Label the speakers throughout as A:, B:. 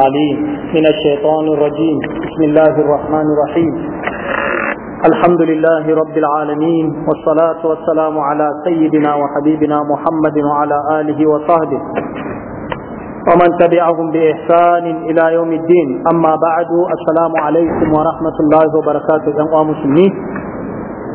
A: عليم من الشيطان الرجيم بسم الله الرحمن الرحيم الحمد لله رب العالمين والصلاة والسلام على سيدنا وحبيبنا محمد وعلى آله وصحبه ومن تبعهم بإحسان إلى يوم الدين أما بعد السلام عليكم ورحمة الله وبركاته أنواع المسلمين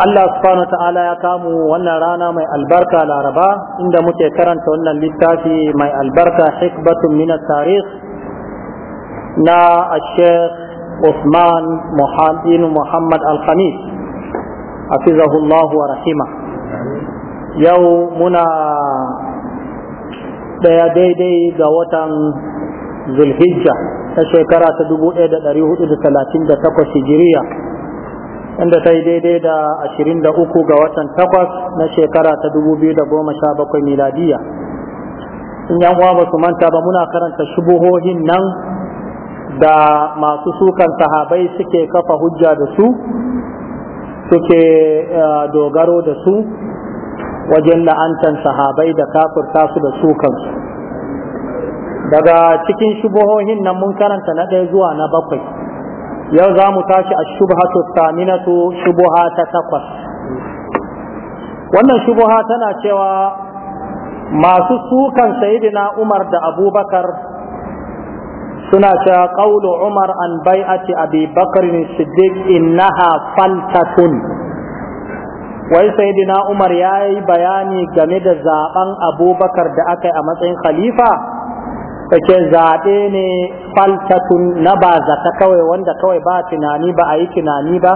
A: Allah subhanahu ta'ala ya kamu wannan rana mai albarka laraba inda muke karanta wannan littafi mai albarka hikbatun min tarikh na Sheikh Usman Muhammad Al-Khamis hafizahullah wa rahima yau muna daya daidai ga watan Zulhijja ta shekara ta 1438 Hijiriya wanda ta yi daidai da ashirin da uku ga watan takwas na shekara ta da goma 2017 miladiya in yan uwa ba su manta ba muna karanta shubuhohin nan da masu sukan sahabai suke kafa hujja da su suke eh, dogaro da su wajen la'antar sahabai da kafirta tasu da sukan daga cikin shubuhohin nan mun karanta na ɗaya zuwa na bakwai yau za mu tashi a shubhatu saminatu shubuha ta takwas wannan shubuha tana cewa masu sukan sayidina umar da abubakar suna cewa ƙaulu umar an bai'ati abi bakarin siddiq innaha faltatun wai sayidina umar yayi bayani game da zaben abubakar da aka yi a matsayin khalifa yace zaɓe ne faltatun na ba zata kawai wanda kawai ba tunani ba a yi tunani ba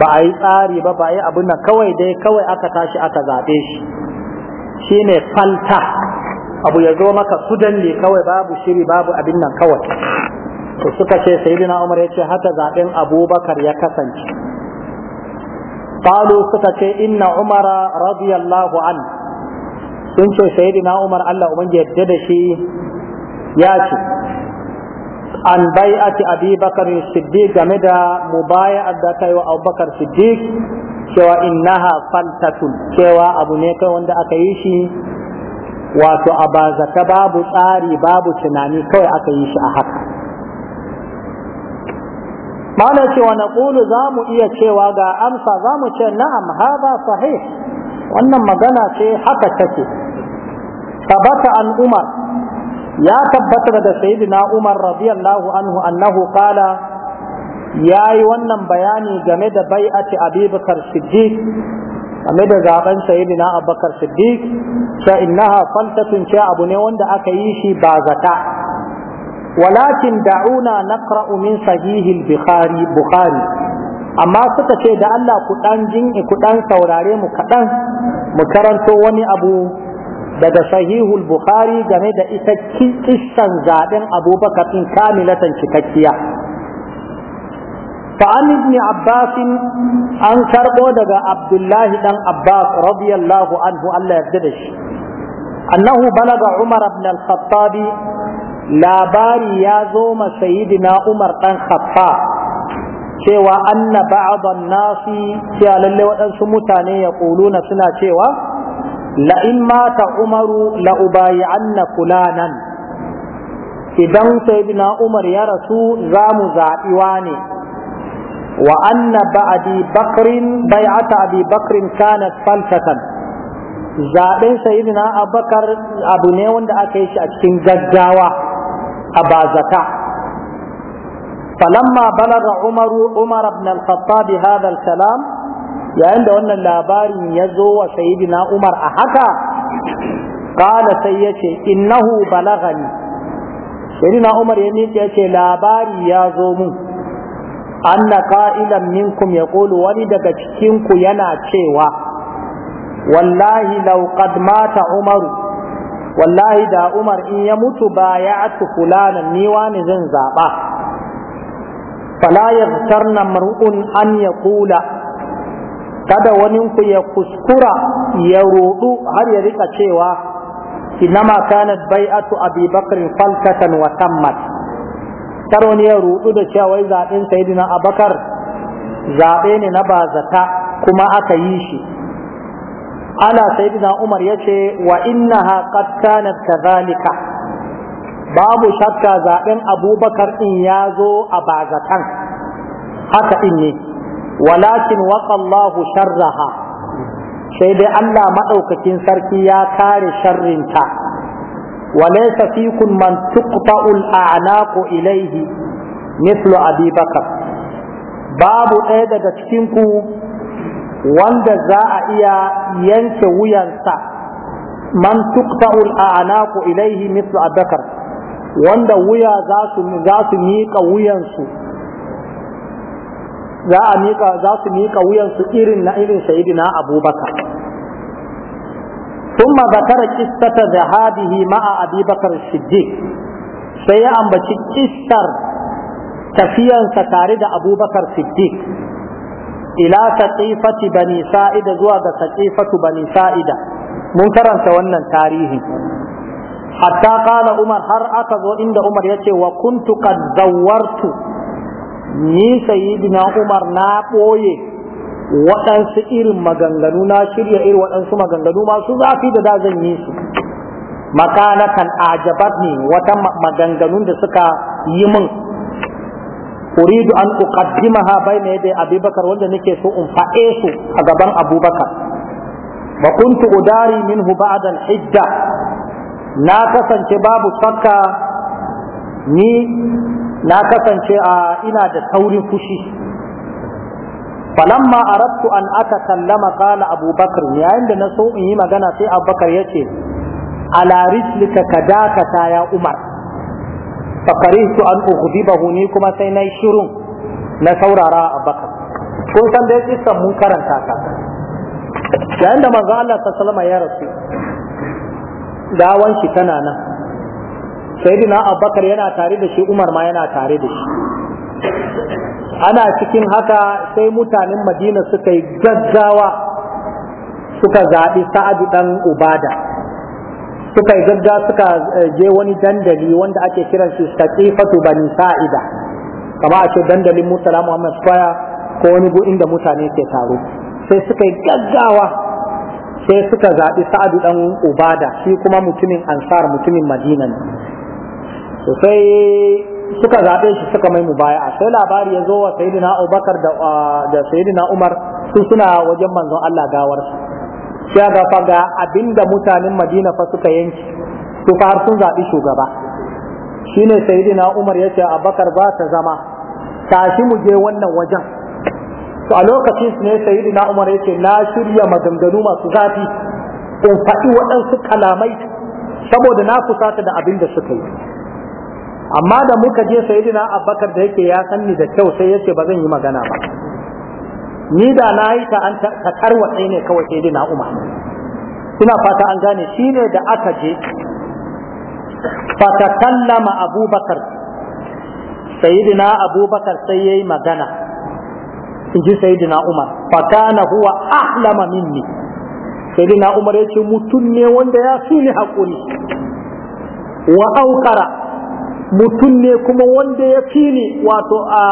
A: ba a yi tsari ba ba a yi abin nan kawai dai kawai aka tashi aka zaɓe shi shine falta abu ya zo maka sudan ne kawai babu shiri babu abin nan kawai to suka ce sayyidina umar ya ce haka zaɓen abubakar ya kasance Falu suka ce inna umara radiyallahu an sun ce sayyidina umar Allah ubangiji yadda da shi ya ce an bai'ati abi bakar siddiq game da mubaya da kai wa abubakar siddiq cewa innaha faltatun cewa abu ne kai wanda aka yi shi wato a bazaka babu tsari babu tunani kawai aka yi shi a haka mana cewa na ƙulu za mu iya cewa ga amsa za mu ce na'am haza sahih wannan magana ce haka take Tabata an umar ya tabbatar da sayyidina Umar radiyallahu anhu annahu qala yayi wannan bayani game da bai'ati Abubakar Siddiq game da zaben sayyidina Abubakar Siddiq sha innaha faltatun sha abu ne wanda aka yi shi ba zata walakin da'una naqra'u min sahihil bukhari bukhari amma suka ce da Allah ku dan jin ku dan saurare mu kadan mu karanto wani abu daga sahihul bukhari game da ita kin zaben abubakar in kamilatan cikakkiya fa an ibn abbas an karbo daga abdullah ɗan abbas radiyallahu anhu allah ya yarda shi annahu balaga umar ibn al khattab ya zo ma sayyidina umar dan khattab cewa anna ba'd an nasi ya lalle mutane ya kuluna suna cewa لئن مات عمر لأبايعن فلانا إذا سيدنا عمر يا رسول زام زائواني وأن بعدي بكر بيعة أبي بكر كانت فلسة زابن سيدنا أبو بكر أبو نيون دأكيش أجتن جزاوة أبا زكا فلما بلغ عمر عمر بن الخطاب هذا الكلام yayin da wannan labarin ya zo wa sayyidina Umar a haka kala sai yace innahu balagani sayyidina Umar ya miƙe yace labari ya zo mu anna qa'ilan minkum yaqulu wani daga cikin ku yana cewa wallahi law qad mata Umaru wallahi da Umar in ya mutu ba ya atu fulanan ni wani zan zaɓa. Fala ya fitar na mar'un an ya kula kada wani ku ya kuskura ya rudu har ya rika cewa inama kanat bai'atu abi bakr falkatan wa tammat karo ne ya rudu da cewa wai zaben sayyidina abakar zabe ne na bazata kuma aka yi shi ala sayyidina umar yace wa innaha qad kanat kadhalika babu shakka zaɓen abubakar in ya zo a bazatan haka in ne walakin waƙallahu sharraha sai dai Allah maɗaukakin sarki ya kare sharrinta walaysa fikun man tuqta'ul a'naqu ilayhi mithlu abi bakar babu ɗaya daga cikinku wanda za a iya yanke wuyansa man tuqta'ul a'naqu ilayhi mithlu abakar wanda wuya za su miƙa wuyansu za a miƙa za su mika wuyan su irin na irin sayidina abubakar thumma zakara qissata dhahabihi ma'a abubakar siddiq sai ya ambaci qissar tafiyansa tare da abubakar siddiq ila taqifati bani sa'ida zuwa ga taqifatu bani sa'ida mun karanta wannan tarihi hatta umar har aka zo inda umar yace wa kuntu qad zawwartu ni na umar na ɓoye waɗansu irin maganganu na shirya irin waɗansu maganganu masu zafi da dazan zan yi su makanatan ajabat ne wata maganganun da suka yi min uridu an uqaddimaha bayna yaday abubakar wanda nake so in fa'e su a gaban abubakar ba kuntu udari minhu ba'da al-hijja na kasance babu shakka ni na kasance a ina da saurin fushi falamma aradtu an aka sallama qala abubakar yayin da na so in yi magana sai abubakar yace ala rislika kadakata ya umar fakarihtu an bahu, ni kuma sai nayi shirun na saurara abubakar kun san dai kisan mun karanta ka. yayin da manzo Allah sallallahu alaihi wasallam ya rasu gawan shi tana nan sayyidina abubakar yana tare da shi umar ma yana tare da shi ana cikin haka sai mutanen madina suka yi gaggawa suka zaɓi sa'adu ɗan ubada suka yi gaggawa suka eh, je wani dandali wanda ake kiran shi saqifatu bani sa'ida kama a ce dandalin murtala muhammad square ko wani gu inda mutane ke taro sai suka yi gaggawa sai suka zaɓi sa'adu ɗan ubada shi kuma mutumin ansar mutumin madina ne sai suka zaɓe shi suka mai baya. sai labari ya zo wa sayyidina Abubakar da da sayyidina Umar su suna wajen manzon Allah gawar su sai ga fa abinda mutanen Madina fa suka yanki su fa har sun zaɓi shugaba shine sayyidina Umar yace Abubakar ba ta zama tashi mu je wannan wajen to a lokacin su ne sayyidina Umar yace na shirya maganganu masu zafi in faɗi waɗansu kalamai saboda na kusata da abinda suka yi amma da muka je sayyidina abubakar da yake ya san da kyau sai yace ba zan yi magana ba ni da na yi ta an ta ne kawai sayyidina umar ina fata an gane shine da aka je Fata kallama abubakar sayyidina abubakar sai yayi magana in ji sayyidina umar fakana huwa ahlama minni sayyidina umar yace mutum ne wanda ya fi ni hakuri wa aukara mutum ne kuma wanda ya fi ni wato a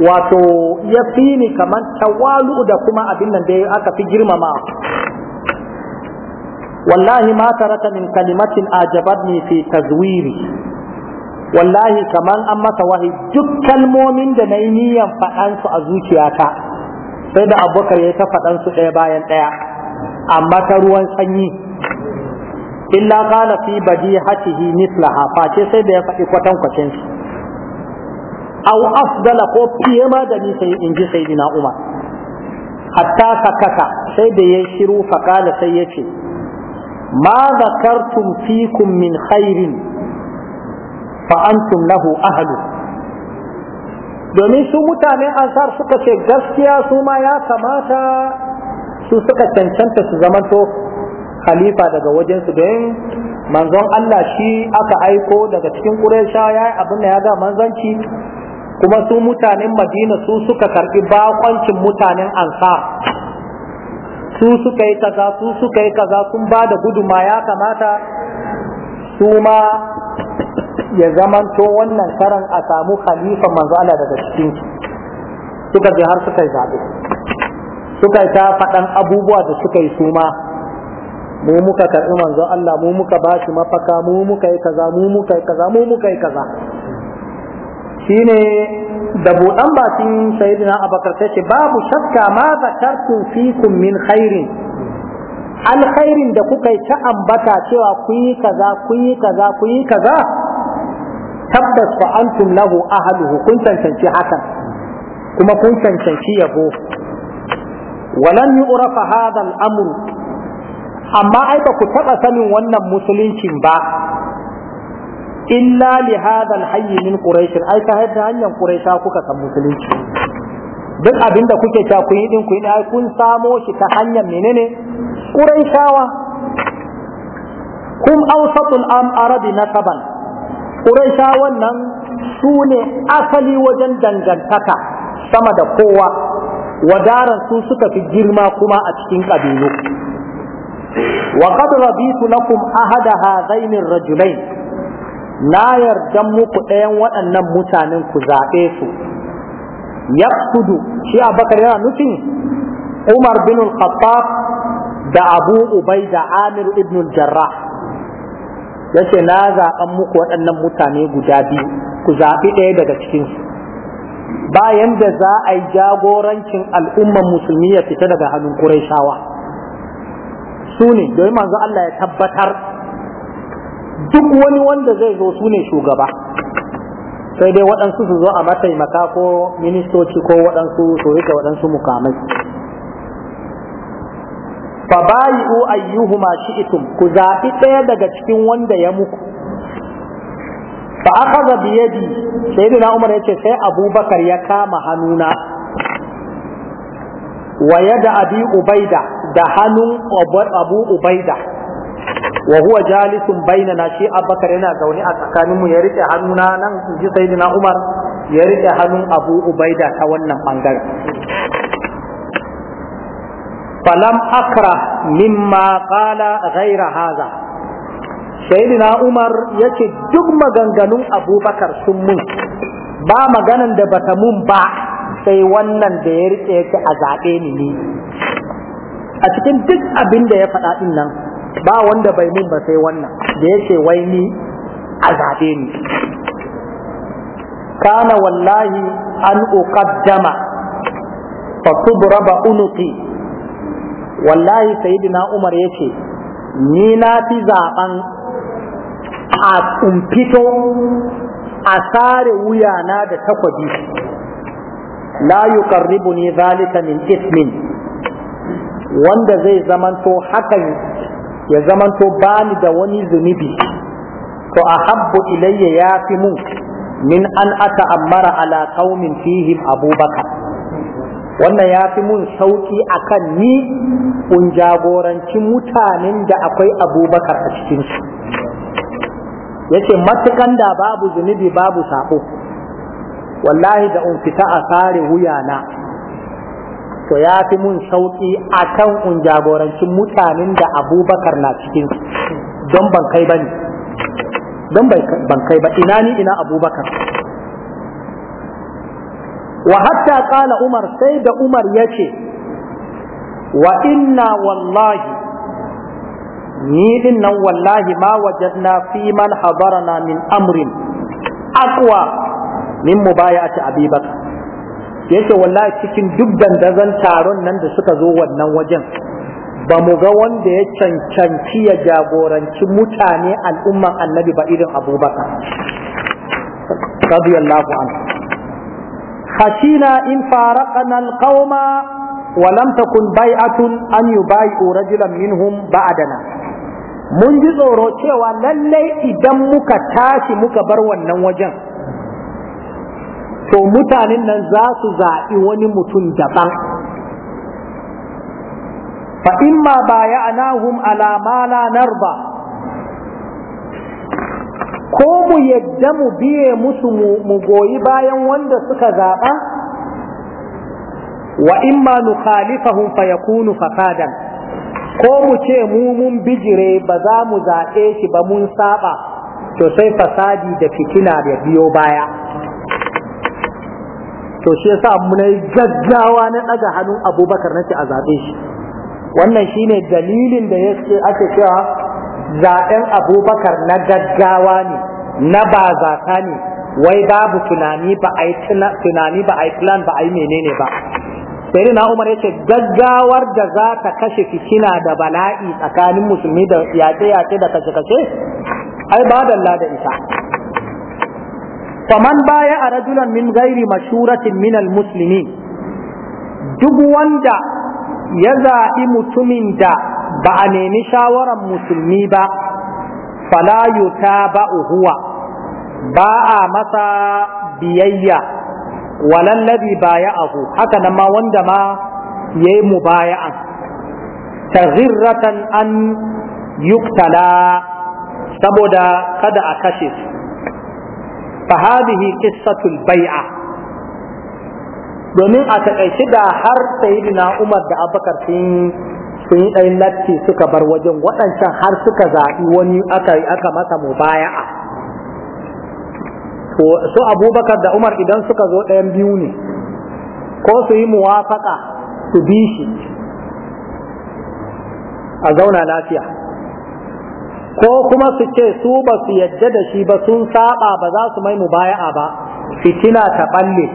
A: wato ya fi ni kamar tawalu da kuma abin nan da aka fi girmama wallahi ma taraka min kalimatin ajabatni fi tazwiri wallahi kamar an masa wahi duk kalmomin da na yi niyan faɗansu a zuciyata sai da abubakar ya ta su ɗaya bayan ɗaya amma ta ruwan sanyi illa qala fi badihatihi mislaha face sai da ya faɗi kwatan kwacin su aw afdala ko fiye ma da ni sai in ji sayyidina umar hatta sakaka sai da ya shiru fakala sai ya ce ma zakartum fikum min khairin fa antum lahu ahlu domin su mutane ansar suka ce gaskiya su ma ya kamata su suka cancanta su zamanto khalifa daga wajen su don manzon Allah shi aka aiko daga cikin ya yayi abin da ya ga manzanci kuma su mutanen Madina su suka karbi bakoncin mutanen Ansar su suka yi kaza su suka yi kaza sun ba da guduma ya kamata su ma ya zamanto wannan karan a samu khalifa manzo Allah daga cikin suka je har suka yi zaɓe suka yi ta faɗan abubuwa da suka yi suma mu muka karɓi manzon Allah mu muka ba shi mafaka mu muka yi kaza mu muka yi kaza mu muka yi kaza Shi ne da buɗan bakin sayyidina abakar sai ce babu shakka ma zakartu fikum min khairin alkhairin da kuka yi ta ambata cewa ku yi kaza ku yi kaza ku yi kaza tabbas fa antum lahu ahluhu kun cancanci hakan kuma kun cancanci yabo walan yu'rafa hadha al-amru amma ai ba ku taɓa sanin wannan musuluncin ba illa li hadha hayy min quraish ai ta hadda hanyar quraisha kuka san musulunci duk abinda kuke ta kun yi din kun ai kun samo shi ta hanyar menene quraishawa kum awsatul am arabi nasaban quraisha wannan su ne asali wajen dangantaka sama da kowa wadaran su suka fi girma kuma a cikin kabilu wa qad rabitu lakum ahada hadaini rajulain na yarda muku ɗayan waɗannan mutanen ku zaɓe su yaqsudu shi abakar yana nufin umar bin al-khattab da abu ubaida amir ibn al-jarrah yace na zaɓan muku waɗannan mutane guda biyu ku zaɓi ɗaya daga cikinsu Bayan da za a yi jagorancin al'umman musulmi ya fita daga hannun Qurayshawa su ne domin manzo Allah ya tabbatar duk wani wanda zai zo su ne shugaba sai dai waɗansu su zo a mataimaka ko ministoci ko waɗansu su rika waɗansu mukamai fa bayu ayyuhuma shi'tum ku zaɓi ɗaya daga cikin wanda ya muku fa akhadha bi yadi sayyidina umar yace sai abubakar ya kama hannuna wa yada abi ubaida da hannun abu ubaida wa huwa jalisun na shi abubakar yana zaune a tsakanin mu ya rike hannuna nan in ji sayyidina umar ya rike hannun abu ubaida ta wannan bangare falam akra mimma qala ghaira hadha sayyidina umar yace duk maganganun abubakar sun mun ba maganan da bata mun ba sai wannan da ya rike yake a zaɓe ni ne a cikin duk abin da ya faɗa din nan ba wanda bai min ba sai wannan da ya ce wai ni a zaɓe ni kana wallahi an uqaddama fa tubraba unuqi wallahi sayyidina umar yace ni na fi zaɓan a kumfito a sare wuyana da takwabi la yuqarribuni zalika min ismin wanda zai zamanto hakan ya zamanto bani da wani zunubi to a habbu ilayya ya fi mun min an aka ammara ala qaumin fihim abubakar wannan ya fi mun sauki akan ni kun jagoranci mutanen da akwai abubakar a cikinsu yace matukan da babu zunubi babu sabo wallahi da in fita a wuya wuyana to ya fi mun sauki a kan un jagorancin mutanen da abubakar na cikin don ban kai ba ne don ban kai ba ina ni ina abubakar wa hatta kala umar sai da umar ya ce wa inna wallahi ni din nan wallahi ma wajadna fi man hadarana min amrin aqwa min mubayati abubakar Yake wallahi cikin duk dandazon taron nan da suka zo wannan wajen ba mu ga wanda ya cancanci ya jagoranci mutane al'umman annabi ba irin abubakar radiyallahu anhu khashina in faraqana alqauma wa lam takun bai'atun an yubai'u rajulan minhum ba'dana mun ji tsoro cewa lallai idan muka tashi muka bar wannan wajen to mutanen nan za su zaɓi wani mutum daban fa imma baya'nahum ala ma nar narba ko mu yadda mu biye musu mu goyi bayan wanda suka zaɓa wa imma nukhalifahum fa kunu fasadan ko mu ce mu mun bijire ba za mu zaɓe shi ba mun saɓa to sai fasadi da fitina da biyo baya to shi yasa mu yi gaggawa na daga hannun abubakar nace a zaɓe shi wannan shine dalilin da yake ake cewa zaɓen abubakar na gaggawa ne na ba zata ne wai babu tunani ba a yi tunani ba a yi plan ba a yi menene ba sai na umar yace gaggawar da zaka kashe fitina da bala'i tsakanin musulmi da yace-yace da kashe-kashe ai ba da ita faman baya a rajulan min gairi mashuratin minal musulmi duk wanda ya zaɓi mutumin da ba a nemi shawarar musulmi ba falayu ta ba uhuwa ba a masa biyayya walallabi baya abu haka nan ma wanda ma ya yi mubaya'an tazirratan an yuktala saboda kada a kashe su fa hadhihi qissatul bai'a domin a takaice da har sayyidina Umar da Abubakar sun sun yi ɗayin latti suka bar wajen waɗancan har suka zaɓi wani aka aka masa mubaya'a to su Abubakar da Umar idan suka zo ɗayan biyu ne ko su yi muwafaka su bi shi a zauna lafiya ko kuma su ce su ba su yadda da shi ba sun saba ba za su mai mubaya'a ba fitina ta balle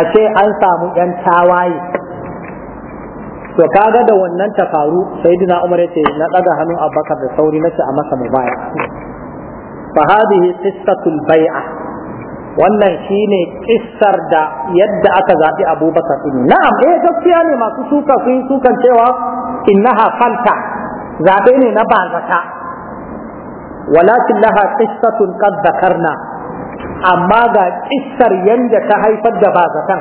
A: a ce an samu yan tawaye to kaga da wannan ta faru sayyidina umar yace na daga hannun abbakar da sauri na ce a masa mubaya'a fa hadhihi qissatul bai'a wannan shine kissar da yadda aka zabi abubakar din na'am eh gaskiya ne masu suka sun sukan cewa innaha falta zabe ne na bazata walakin laha qissatun qad dhakarna amma ga kissar yanda ta haifar da bazatan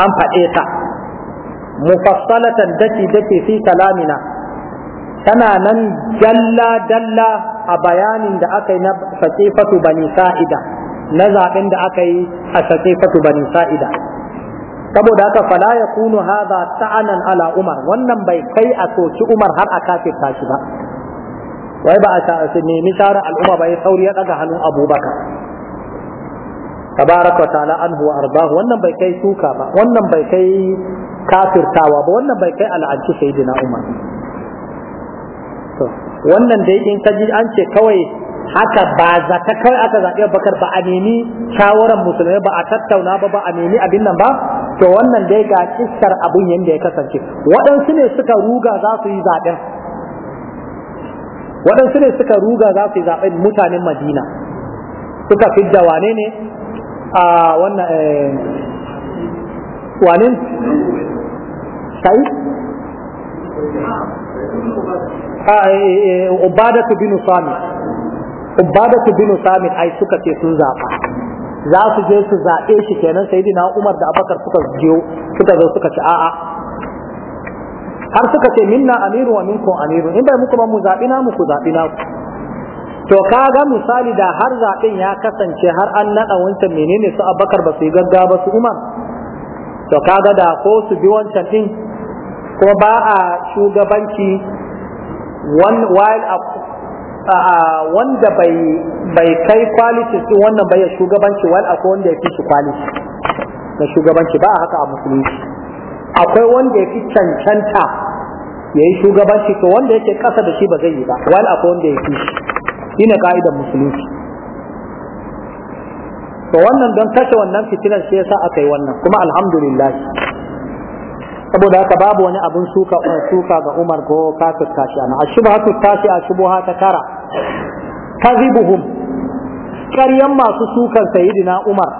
A: an faɗe ta mufassalatan dace daki fi kalamina tana nan jalla dalla a bayanin da aka yi na saƙifatu bani sa'ida na zaɓen da aka yi a saƙifatu bani sa'ida saboda haka fala ya kunu haza ta'anan ala umar wannan bai kai a soki umar har a kafirta shi ba wai ba a nemi shawarar al'umma ba ya sauri ya daga hannun abubakar tabaraka ta'ala an huwa ardahu wannan bai kai suka ba wannan bai kai kafirtawa ba wannan bai kai al'anci sayyidina umar wannan dai in kaji an ce kawai haka ba za ta kawai aka zaɓi bakar ba a nemi shawarar musulmai ba a tattauna ba ba a nemi abin nan ba to wannan dai ga iskar abun yadda ya kasance waɗansu ne suka ruga za su yi zaɓen waɗansu ne suka ruga za su yi zaɓen mutanen madina
B: suka da wane
A: ne a wannan eh, wane shayi eh, eh, ubadatu binu sami ubadatu binu sami ai suka ce sun zaɓa za su je su zaɓe shi kenan sai umar da abakar suka suka zo suka ci a'a har suka ce minna amiru wa minkum amiru in bai muku ba mu zabi na mu ku zaɓi na ku to kaga misali da har zabin ya kasance har an naɗa wancan menene su abakar ba su yi gaggawa ba su umar to kaga da ko su bi wancan ɗin ko ba a shugabanci wanda bai kai kwalitis ɗin wannan bai shugabanci wal akwai wanda ya fi shi kwaliti na shugabanci ba a haka a musulunci akwai wanda ya fi cancanta ya yi shugabanci to wanda ya ce kasa da shi ba zai yi ba wani akwai wanda ya fi shi ne ka'idar musulunci to wannan don kashe wannan fitinar shi yasa aka yi wannan kuma alhamdulillah saboda haka babu wani abin suka eh, suka ga Umar ko kafir tashi ana ashubhatu tashi ashubuha ta tara kazibuhum karyan masu sukan sayyidina Umar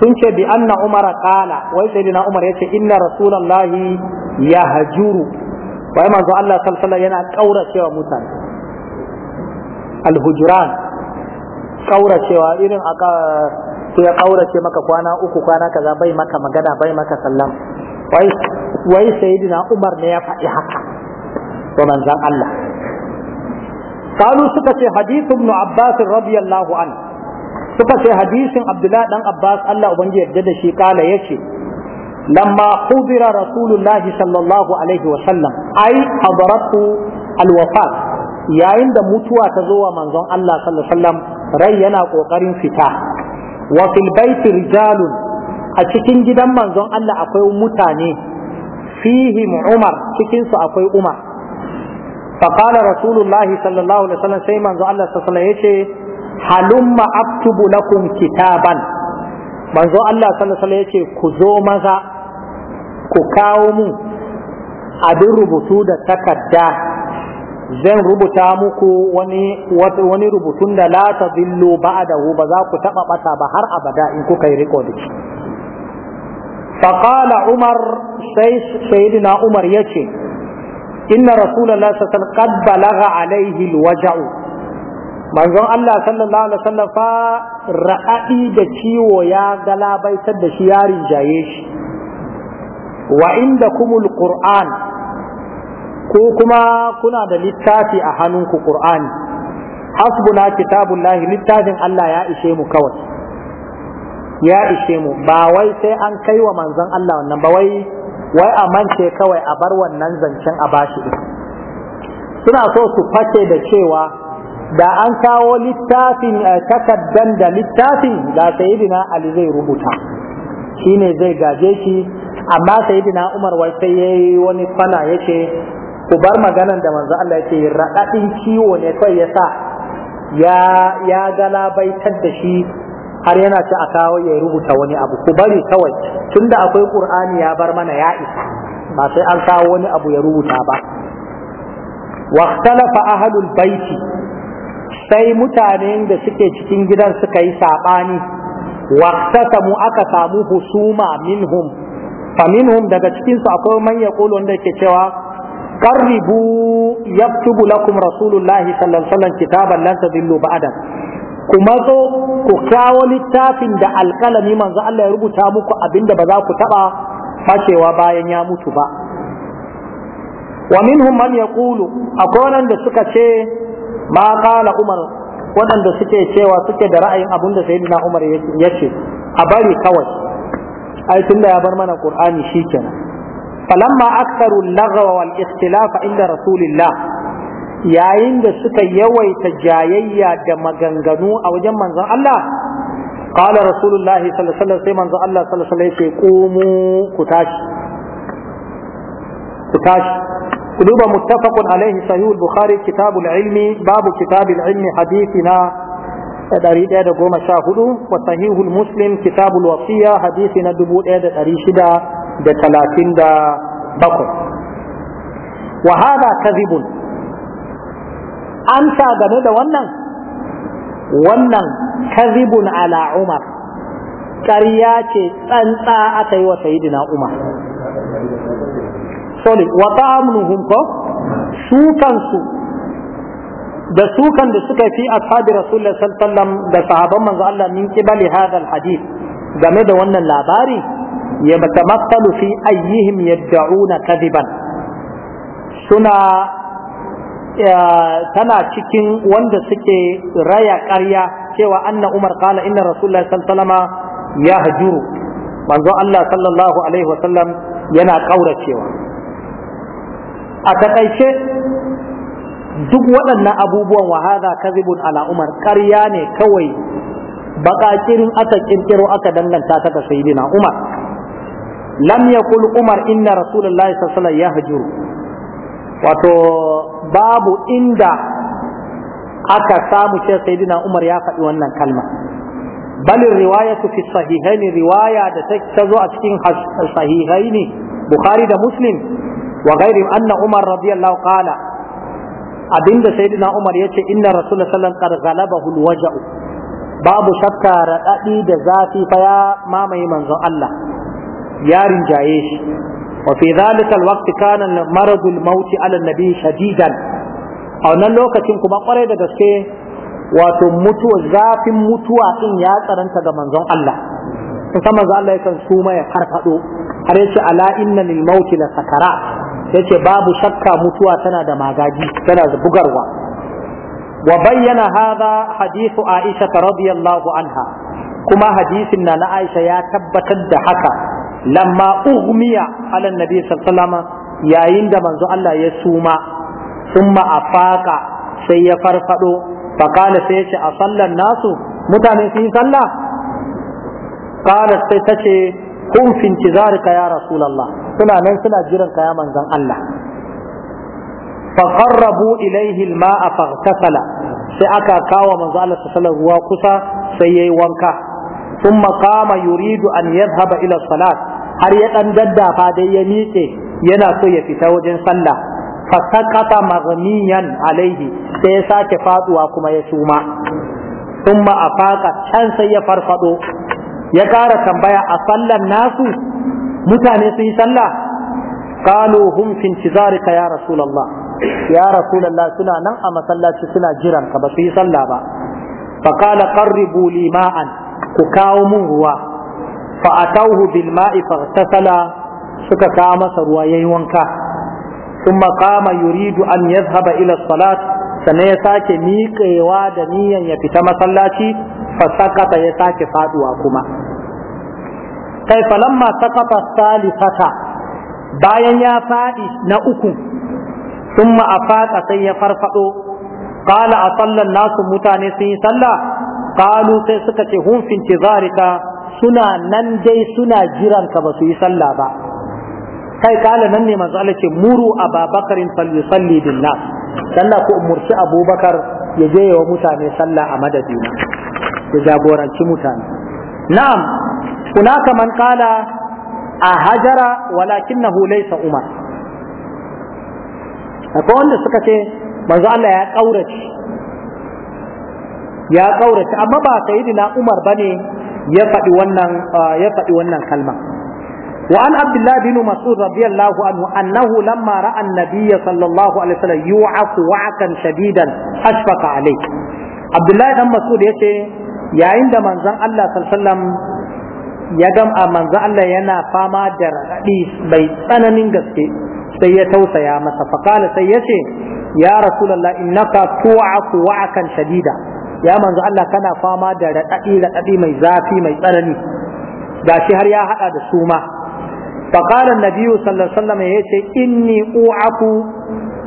A: sun ce bi anna umar qala wai na umar yace inna rasulullahi yahjuru wai manzo Allah sallallahu alaihi yana kauracewa mutane alhujuran kauracewa irin aka to ya kaurace maka kwana uku kwana kaza bai maka magana bai maka sallam wai wai sayyidina umar ne ya faɗi haka to manzon Allah قالوا سكت ce ابن عباس Abbas الله عنه suka ce hadisin abdullahi dan abbas allah ubangiji yadda da shi kala ce. lamma qubira rasulullahi sallallahu alaihi wa sallam ai hadaratu alwafat yayin da mutuwa ta zo wa manzon allah sallallahu alaihi wasallam rai yana kokarin fita wa fil baiti rijalun a cikin gidan manzon allah akwai mutane fihim umar cikin su akwai umar فقال رسول الله صلى الله عليه وسلم سيما الله صلى الله عليه وسلم halumma aktubu lakum kitaban manzo Allah sallallahu alaihi yace ku zo maza ku kawo mu abin rubutu da takarda zan rubuta muku wani wani rubutun da la tadillu ba'dahu ba za ku taba bata ba har abada in kuka yi riko da shi فقال عمر سيدنا عمر يتي إن رسول الله صلى alaihi عليه وسلم manzon Allah sallallahu alaihi wasallam fa ra'adi da ciwo ya galabaitar da shi ya jaye shi wa inda kumul qur'an ko kuma kuna da littafi a hannun hannunku qur'ani hasbuna kitabullahi littafin Allah ya ishe mu kawai ya ishe mu ba wai sai an kai wa manzon Allah wannan ba wai wai a mance kawai a bar wannan zancen a bashi suna so su fake da cewa da an kawo littafin eh, takaddan da littafin da sayidina ali zai rubuta shine zai gaje shi amma sayidina umar wai sai yayi wani fana yace ku bar maganan da manzo Allah yake raɗaɗin ciwo ne kai ya sa ya ya galabaitar da shi har yana ci a kawo ya rubuta wani abu ku bari kawai tunda akwai qur'ani ya bar mana ya isa ba sai an kawo wani abu ya rubuta ba واختلف أهل البيت sai mutanen da suke cikin gidan suka yi saɓani waqtasamu aka samu husuma minhum fa minhum daga cikin su akwai man yaqulu wanda yake cewa qarribu yaktubu lakum rasulullahi sallallahu alaihi wasallam kitaban lan tadillu ba'da ku matso ku kawo littafin da alkalami manzo Allah ya rubuta muku abinda ba za ku taba fashewa bayan ya mutu ba wa minhum man yaqulu akwai wanda suka ce ma qala umar waɗanda suke cewa suke da ra'ayin abin da sayyidina umar ya ce a bari kawai ai tunda ya bar mana qur'ani shikenan falamma aktharu lagwa wal ikhtilafa inda rasulillah yayin da suka yawaita jayayya da maganganu a wajen manzon Allah قال رسول الله صلى الله عليه وسلم سيما الله صلى الله عليه وسلم قوموا duba muttafaqun alaihi sahihul bukhari kitabul ilmi babu kitabil ilmi hadisi na 1114 wa sahihul muslim kitabul wasiya hadisi na 1637 wa hada kadhibun amsa game da wannan wannan kadhibun ala umar ƙarya ce tsantsa aka yi wa sayidina umar sorry wa ta'amnuhum ko su kansu da su kan da suka fi ashabi rasulullah sallallahu alaihi wasallam da sahaban manzo Allah min kibali hadal hadith game da wannan labari ya matamassalu fi ayyihim yad'una kadiban suna tana cikin wanda suke raya ƙarya cewa anna umar qala inna rasulullah sallallahu alaihi ya hajuru manzo Allah sallallahu alaihi wasallam yana cewa. a takaice duk waɗannan abubuwan wahaza kazibun ala umar ƙarya ne kawai baƙaƙirin aka ƙirƙiro aka danganta ta ga sayyidina umar lam yakul umar inna rasulullahi sallallahu alaihi wasallam wato babu inda aka samu ce sayyidina umar ya faɗi wannan kalma riwaya su fi sahihaini riwaya da ta zo a cikin sahihaini bukhari da muslim wa gairin anna umar radiyallahu qala abinda sayyidina umar yace inna rasulullahi sallallahu alaihi wasallam qad ghalabahu alwaja'u babu shakka radadi da zafi fa ya mamaye manzon Allah ya rinjaye shi wa fi dhalika alwaqt kana marad almaut ala nabi shadidan a wannan lokacin kuma kwarai da gaske wato mutuwa zafin mutuwa din ya tsaranta ga manzon Allah in kama Allah yakan suma ya farfado har yace ala inna lil mauti la sakara yace babu shakka mutuwa tana da magaji tana da bugarwa wa bayyana hadha hadithu Aisha radiyallahu anha kuma hadisin na na Aisha ya tabbatar da haka lamma ugmiya ala nabi sallallahu alaihi yayin da manzo Allah ya suma summa afaka sai ya farfado fa sai yace a sallan nasu mutane sun yi sallah kana sai tace hum fi intizarika ya rasulullah suna nan suna jiran ka ya manzon Allah fa qarrabu ilayhi alma'a faghtasala sai aka kawo manzon Allah sallallahu ruwa kusa sai yayi wanka thumma qama yuridu an yadhhaba ila salat har ya ɗan daddafa dai ya mitse yana so ya fita wajen sallah fa saqata maghniyan alaihi sai ya sake faɗuwa kuma ya suma a afaqa can sai ya farfaɗo. ya ƙara tambaya a sallan nasu mutane su yi sallah qalu hum fi intizarika ya rasulullah ya rasulullah suna nan a masallaci suna jiran ka ba su yi sallah ba fa qala qarribu lima'an ku kawo mun ruwa fa atawhu bil ma'i faghtasala suka kawo masa ruwa yayi wanka thumma makama yuridu an yadhhaba ila salat sannan ya sake miƙewa da niyyar ya fita masallaci fasakata ya sake faduwa kuma kai falamma sakata salisata bayan ya fadi na uku a afaka sai ya farfado Kala a sallan nasu mutane sun yi sallah kalu sai suka ce hunfin fi suna nan dai suna jiran ka ba su yi sallah ba kai kala nan ne manzo Allah ce muru ababakarin Salli salli billah sallah ko umurci abubakar ya je wa mutane sallah a madadina ya jagoranci mutane na'am Kuna kamar kala a hajara walakinahu laysa umar akwai wanda suka ce manzo Allah ya kaurace ya amma ba sayyidina umar bane ya faɗi wannan ya faɗi wannan kalma وعن عبد الله بن مسعود رضي الله عنه أنه لما رأى النبي صلى الله عليه وسلم يوعك وعكا شديدا أشفق عليه عبد الله بن مسعود yayin da manzon Allah sallallahu ya gam a manzon Allah yana fama da raɗaɗi mai tsananin gaske sai ya tausaya masa faqala sai yace ya rasulullah innaka tu'aku wa'akan shadida ya manzo Allah kana fama da raɗaɗi raɗaɗi mai zafi mai tsanani gashi har ya haɗa da suma faqala an-nabiy sallallahu alaihi wasallam yace inni u'aku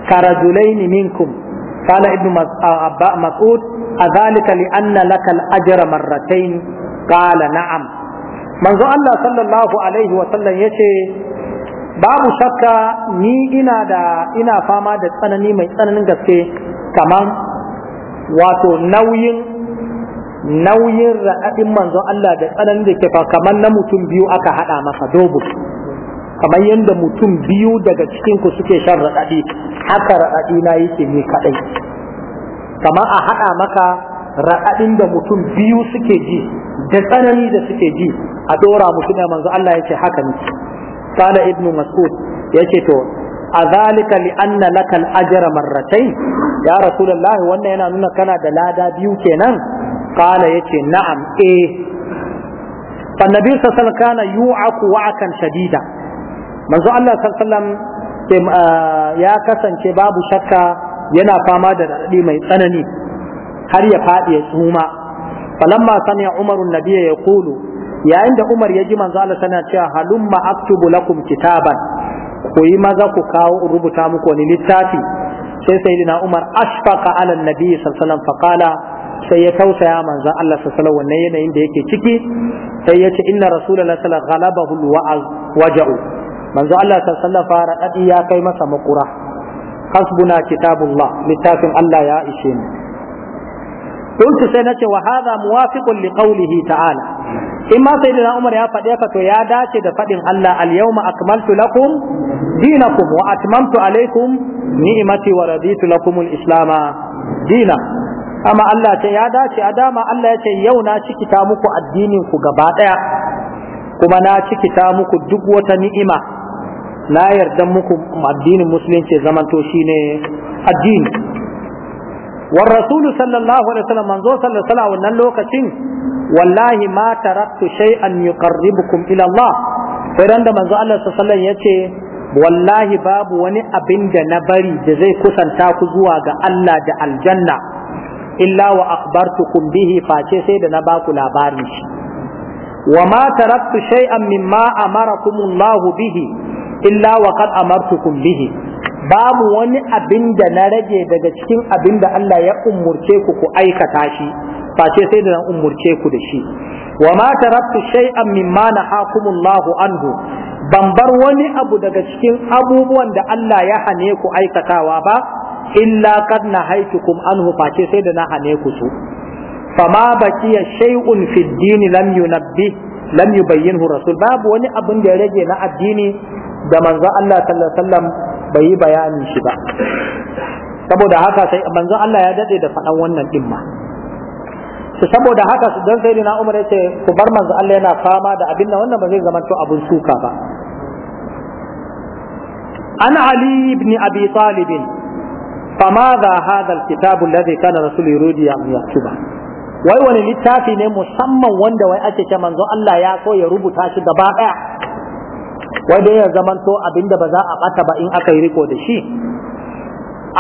A: karajulain minkum قال ابن مسعود أذلك لأن لك الأجر مرتين قال نعم من الله صلى الله عليه وسلم يشي babu shakka ni ina da ina fama da tsanani mai tsananin gaske kaman wato nauyin nauyin ra'adin manzon Allah da tsananin da ke fa kaman na mutum biyu aka hada masa dobu kamar yadda mutum biyu daga cikin ku suke shan raɗaɗi haka raɗaɗi na yake ne kaɗai kama a haɗa maka raɗaɗin da mutum biyu suke ji da tsanani da suke ji a ɗora mutum ya manzo Allah ya ce haka ne قال ابن ya yace to a zalika li anna laka al-ajra marratayn ya rasulullah wannan yana nuna kana da lada biyu kenan qala yace na'am eh fa nabi sallallahu alaihi wasallam kana wa'akan shadida manzo Allah sallallahu alaihi ah, ya kasance babu shakka yana fama da raɗaɗi mai tsanani har ya faɗi ya tsuma falamma sami umarun nabiya ya kulu yayin da umar ya ji manzo Allah sana cewa halumma aktubu lakum kitaban ku yi maza ku kawo rubuta muku wani littafi sai sayyidina umar ashfaqa ala nabi sallallahu alaihi faqala sai ya tausaya manzo Allah sallallahu wannan yanayin da yake ciki sai ya ce inna rasulullahi sallallahu alaihi wasallam ghalabahu wa'az waja'u manzo Allah ta sallafa raɗaɗi ya kai masa makura hasbuna kitabullah littafin Allah ya ishe mu kuntu sai nace wa hadha muwafiqun li qawlihi ta'ala in ma sai da Umar ya faɗi ka to ya dace da faɗin Allah al yawma akmaltu lakum dinakum wa atmamtu alaykum ni'mati wa raditu lakum al islama dina amma Allah ce ya dace a dama Allah ya ce yau na cikita muku addinin ku gaba daya kuma na cikita muku duk wata ni'ima na yarda muku addinin musulunci zamanto ne addini Wa rasulu sallallahu alaihi wasallam manzo sallallahu alaihi wasallam wannan lokacin wallahi ma taraktu shay'an yuqarribukum ila Allah sai da manzo Allah sallallahu alaihi wasallam yace wallahi babu wani abin da na bari da zai kusanta ku zuwa ga Allah da aljanna illa wa akhbartukum bihi face sai da na baku labarin shi wa ma taraktu shay'an mimma amarakum Allah bihi illa wa qad amartukum bihi babu wani abin da na rage daga cikin abin da Allah ya umurce ku ku aikata shi face sai da na umurce ku da shi wa ma taraktu shay'an mimma nahakumullahu anhu ban bar wani abu daga cikin abubuwan da Allah ya hane ku aikatawa ba illa kad nahaitukum anhu face sai da na hane ku su fama bakiya shay'un fi dini lam yunabbi lam yubayyinhu rasul babu wani abin da ya rage na addini da manzon Allah sallallahu alaihi wasallam bai yi bayani shi ba saboda haka sai manzon Allah ya dade da faɗan wannan din ma su saboda haka su dan sai na Umar yace ku bar manzon Allah yana fama da abin nan wannan ba zai zama to abun suka ba ana Ali ibn Abi Talib فماذا هذا الكتاب الذي كان رسول يريد أن يكتبه wai wani littafi ne musamman wanda wai ake ce manzo Allah ya so ya rubuta shi gaba wai dai ya zamanto abinda ba za a bata ba in aka yi riko da shi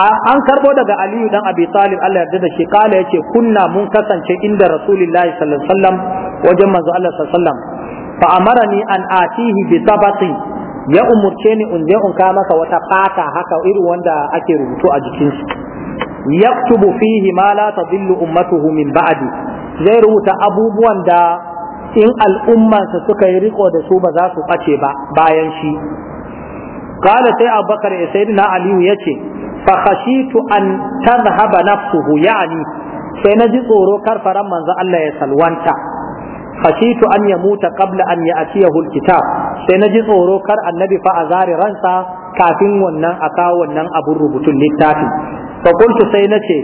A: an karbo daga aliyu dan abi talib Allah yarda da shi kala yace kunna mun kasance inda rasulullahi sallallahu alaihi wasallam wajen manzo Allah sallallahu alaihi wasallam fa amarani an atihi bi sabati ya umurce ni in je in ka maka wata fata haka irin wanda ake rubutu a jikin su yaktubu fihi ma la tadillu ummatuhu min ba'di zai rubuta abubuwan da in al'ummansa suka yi riko da su ba za su ɓace ba bayan shi kala sai abubakar ya sai na aliyu ya ce fa khashitu an tazhaba nafsuhu ya'ni sai na ji tsoro kar faran manzo Allah ya salwanta khashitu an ya muta qabla an ya'tiyahu alkitab sai na ji tsoro kar annabi fa azari ransa kafin wannan aka wannan abun rubutun littafi fa qultu sai nace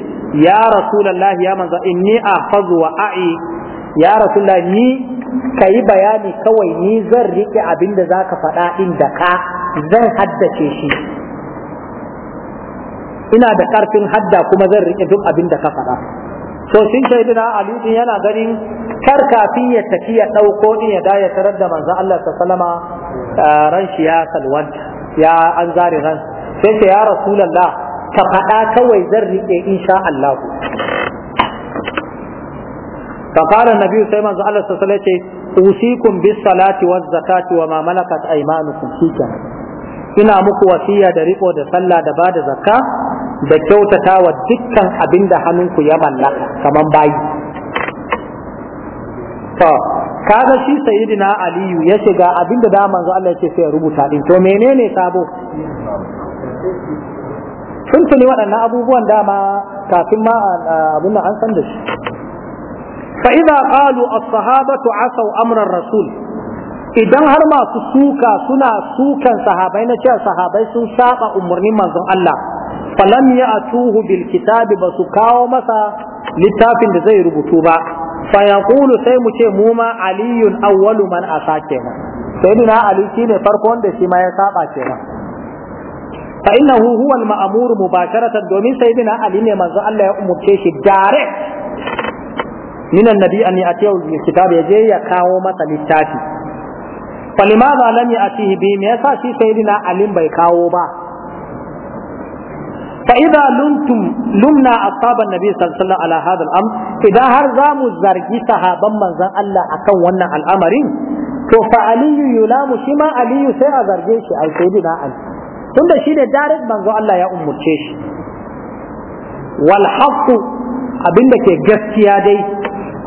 A: ya rasulullahi ya manzo inni ahfazu wa a'i ya rasulullah ni yi bayani kawai ni zan rike abin da ka faɗa inda ka zan haddace shi ina da karfin hadda kuma zan rike duk abin da ka faɗa so shin shaidina ali yana ganin kar kafin ya tafi ya ɗauko din ya da ya tarar da manzo Allah sallama ran shi ya salwanta ya an zare ran sai ce ya rasulullah ka faɗa kawai zan rike insha Allah فقال النبي صلى الله عليه وسلم أوصيكم بالصلاة والزكاة وما ملكت أيمانكم شيكا ina muku wasiya da riko da sallah da bada zakka da kyautata wa dukkan hannunku ya mallaka kaman bayi kaga shi sayyidina aliyu ya shiga abinda da manzo Allah yake sai ya rubuta din to menene sabo tuni waɗannan abubuwan dama kafin ma abin da an san da shi fa idza qalu as-sahabatu asaw amran rasul idan har masu suka suna sukan sahabai na cewa sahabai sun saɓa umarnin manzon Allah falam ya'tuhu bil kitabi ba su kawo masa littafin da zai rubutu ba fa sai mu ce mu ma aliyun awwalu man asa kenan sayyidina ali shine farko wanda shi ma ya saba kenan fa innahu huwa al ma'mur mubasharatan domin sayyidina ali ne manzon Allah ya umarce shi direct minan nabi an ya'tiya kitabu ya je ya kawo masa littafi falimaza lam ya'tihi bi me yasa shi sayyidina alim bai kawo ba fa idza luntum lumna ashaban nabi sallallahu alaihi wasallam hadha al-amr idan har zamu zargi sahaban manzon Allah akan wannan al'amarin to fa aliyu yulamu shi ma aliyu sai a zarge shi ai sayyidina ali tunda shi ne direct manzo Allah ya umurce shi wal haqqu abinda ke gaskiya dai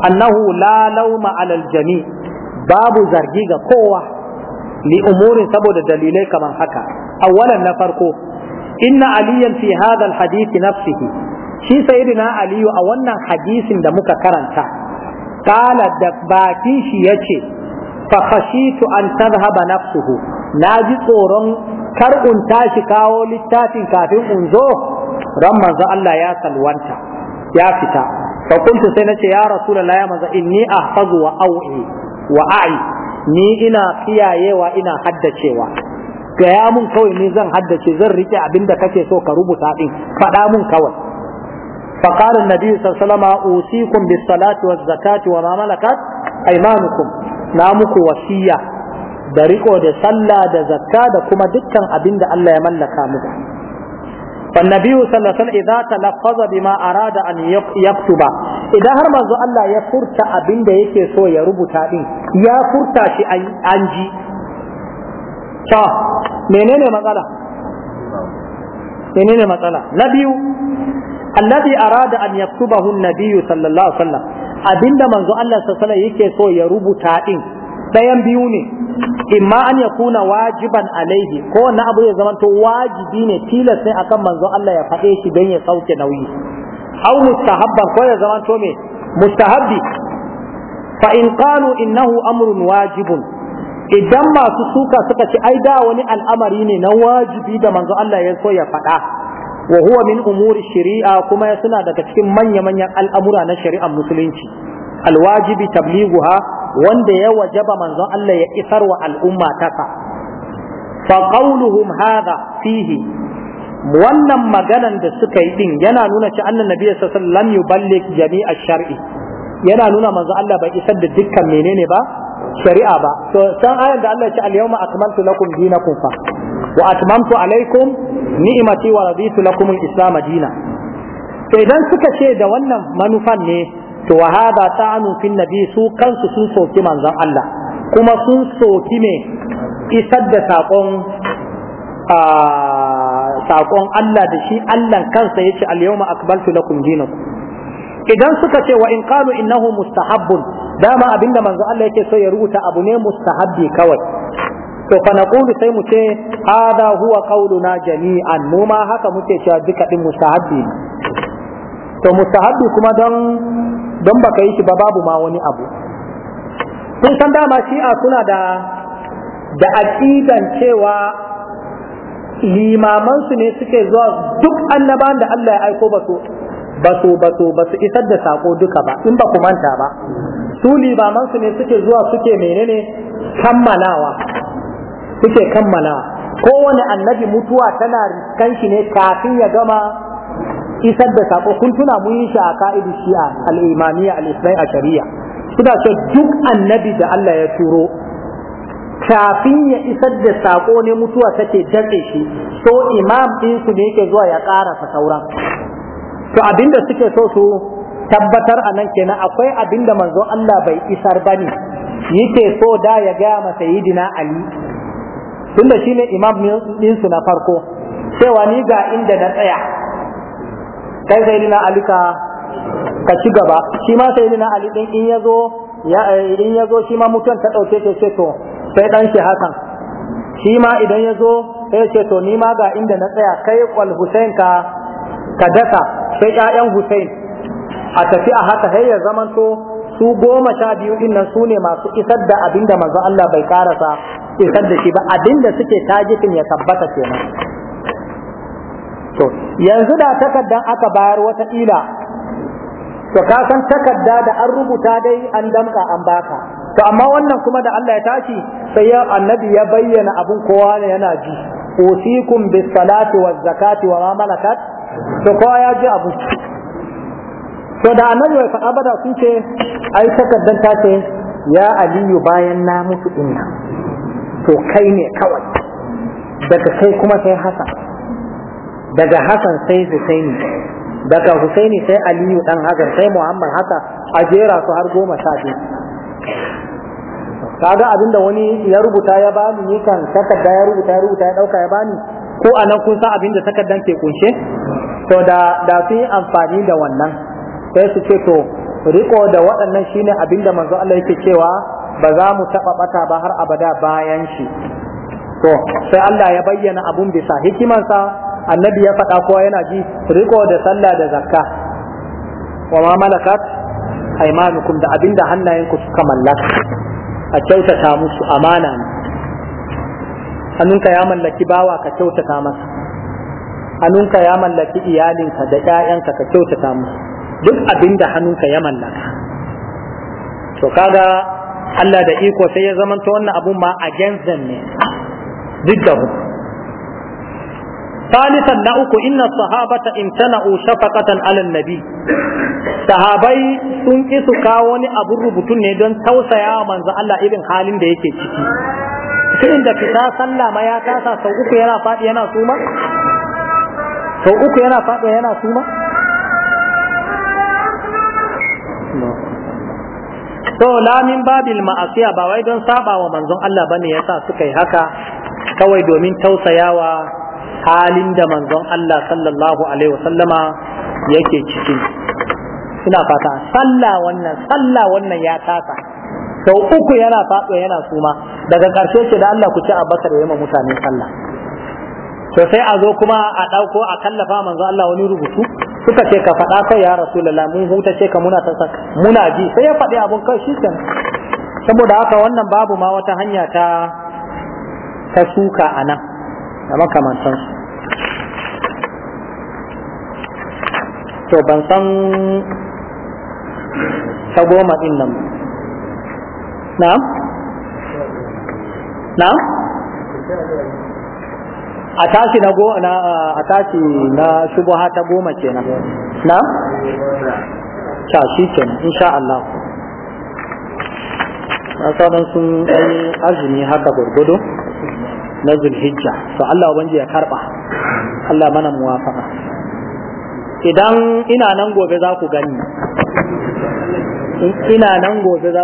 A: annahu la lauma alal babu zargi ga kowa li umurin saboda dalilai kamar haka awwalan na farko inna aliyan fi hadha al hadith nafsihi shi sayyidina aliyu a wannan hadisin da muka karanta kala da bakin shi ce. fa khashitu an tadhhaba Na ji tsoron kar un tashi kawo littafin kafin un zo ran manzo Allah ya salwanta ya fita fa sai na ce ya rasulullahi ya maza inni ahfazu wa au'i wa a'i ni ina kiyayewa ina haddacewa gaya mun kawai ni zan haddace zan rike abinda kake so ka rubuta din faɗa mun kawai فقال النبي صلى الله عليه وسلم أوصيكم بالصلاة والزكاة وما ملكت أيمانكم نامك وصية da riko da sallah da zakka da kuma dukkan abinda Allah ya mallaka muku والنبي صلى الله عليه وسلم إذا تلفظ بما أراد أن يكتب إذا هرم الله يفرت أبن ديك سو يربط أبن يفرت شيء أنجي شا منين مقالة منين مقالة نبي الذي أراد أن يكتبه النبي صلى الله عليه وسلم abinda manzo Allah sallallahu yake so ya rubuta din ɗayan biyu ne imma an ya kuna wajiban alaihi ko wani abu ya zamanto wajibi ne tilas ne akan manzon Allah ya faɗe shi don ya sauke nauyi au mustahabban ko ya zamanto me mustahabbi fa in qalu innahu amrun wajibun idan masu suka suka ci ai da wani al'amari ne na wajibi da manzo Allah ya so ya faɗa wa huwa min umuri shari'a kuma suna daga cikin manya-manyan al'amura na shari'ar musulunci alwajibi tablighuha wanda ya wajaba manzon Allah ya isar wa al'umma taka. fa qawluhum hadha fihi wannan maganan da suka yi din yana nuna ci annan nabi sallallahu alaihi wasallam yuballigh jami'a shar'i yana nuna manzo Allah bai isar da dukkan menene ba shari'a ba to san ayar da Allah ya ce al-yawma akmaltu lakum dinakum fa wa atmamtu alaikum ni'mati wa raditu lakum al-islam dinan to idan suka ce da wannan manufan ne to wa hada ta'anun fil nabi su kansu sun soki manzon Allah kuma sun soki me isar da sakon a sakon Allah da shi Allah kansa yace al yawma akmaltu lakum dinakum idan suka ce wa in qalu innahu mustahabbun dama abinda manzon Allah yake so ya rubuta abu ne mustahabbi kawai to fa naqulu sai mu ce hadha huwa qauluna jami'an mu ma haka muke cewa duka din mustahabbi to mustahabbi kuma don don baka yi shi ba babu ma wani abu kun san dama shi'a suna da da aqidan cewa limaman su ne suke zuwa duk annaban da Allah ya aiko ba su ba su ba su ba su isar da sako duka ba in ba ku manta ba su limaman su ne suke zuwa suke menene kammalawa suke kammalawa kowane annabi mutuwa tana riskan shi ne kafin ya gama isar da sako kun tuna mun yi shi a ka'idu shi'a al a shari'a suna ce duk annabi da Allah ya turo kafin ya isar da sako ne mutuwa take datse shi so imam din su ne yake zuwa ya karasa sauran to abinda suke so su tabbatar a nan kenan akwai abinda manzo Allah bai isar ba bane yake so da ya ga ma sayyidina Ali tunda shine imam ɗinsu na farko cewa ni ga inda na tsaya kai sai ali ka ka ci gaba shi ma dina ali din in yazo ya eh, idan yazo shi ma mutum ta dauke shi sai to sai dan shi hakan shi ma idan yazo sai ce to ni ma ga inda na tsaya kai kwal husain ka ka daka sai ƴaƴan husain a tafi a haka sai ya zamanto su goma sha biyu din nan su masu isar da abinda manzo Allah bai karasa isar da shi ba abinda suke tajikin ya tabbata kenan to yanzu da takaddan aka bayar wata ila to ka san takarda da an rubuta dai an damka an baka to amma wannan kuma da Allah ya tashi sai ya annabi ya bayyana abun kowa ne yana ji usikum bis salati waz zakati wa ma malakat to kowa ya ji abu to da annabi ya faɗa bada sun ce ai takaddan ta ce ya aliyu bayan na mutu inna to kai ne kawai daga kai kuma sai hasan daga Hassan sai Husaini daga Husaini sai Aliyu dan Hassan sai Muhammad haka a jera su har goma sha biyu kaga abinda wani ya rubuta ya bani ni kan takarda ya rubuta ya rubuta ya dauka ya bani ko anan kun san abinda takardan ke kunshe to da da sun yi amfani da wannan sai su ce to riko da waɗannan shine abinda manzo Allah yake cewa ba za mu taɓa ɓata ba har abada bayan shi to sai Allah ya bayyana abun bisa hikimansa annabi ya faɗa kowa yana ji riko da sallah da zakka wa ma malakat aymanukum da abinda hannayenku suka mallaka a kyautata musu amana ne hannunka ya mallaki bawa ka kyautata masa hannunka ya mallaki iyalinka da ƴaƴanka ka kyautata musu duk abinda hannunka ya mallaka to kaga Allah da iko sai ya zamanto wannan abun ma against them ne duk da ثالثا na إن الصحابة امتنعوا شفقة على النبي sahabai sun ƙi su kawo wani abin rubutun ne don tausaya manzo Allah irin halin da yake ciki sai da fita sallah ya tasa sau uku yana faɗi yana suma sau uku yana faɗi yana suma to lamin babil ma'asiya ba wai don saba manzon Allah bane yasa suka yi haka kawai domin tausayawa halin da manzon Allah sallallahu alaihi wasallama yake cikin ina fata sallah wannan sallah wannan ya tasa sau uku yana faɗo yana suma daga ƙarshe ce da Allah ku ci abakar yamma mutane sallah to sai a zo kuma a ɗauko a kallafa manzo Allah wani rubutu suka ce ka faɗa kai ya rasulullah mun huta ce ka muna tasa muna ji sai ya faɗi abun kai shi saboda haka wannan babu ma wata hanya ta ta suka anan a makamantan to ban san ta goma din nan na? na? a tashi na go na a tashi na shubuha ta goma kenan na? ta shi kenan insha Allah na sauran sun azumi haka gurgudu na zulhijja to Allah ubangiji ya karba Allah mana muwafaqa idan ina nan gobe za ku gani ina nan gobe za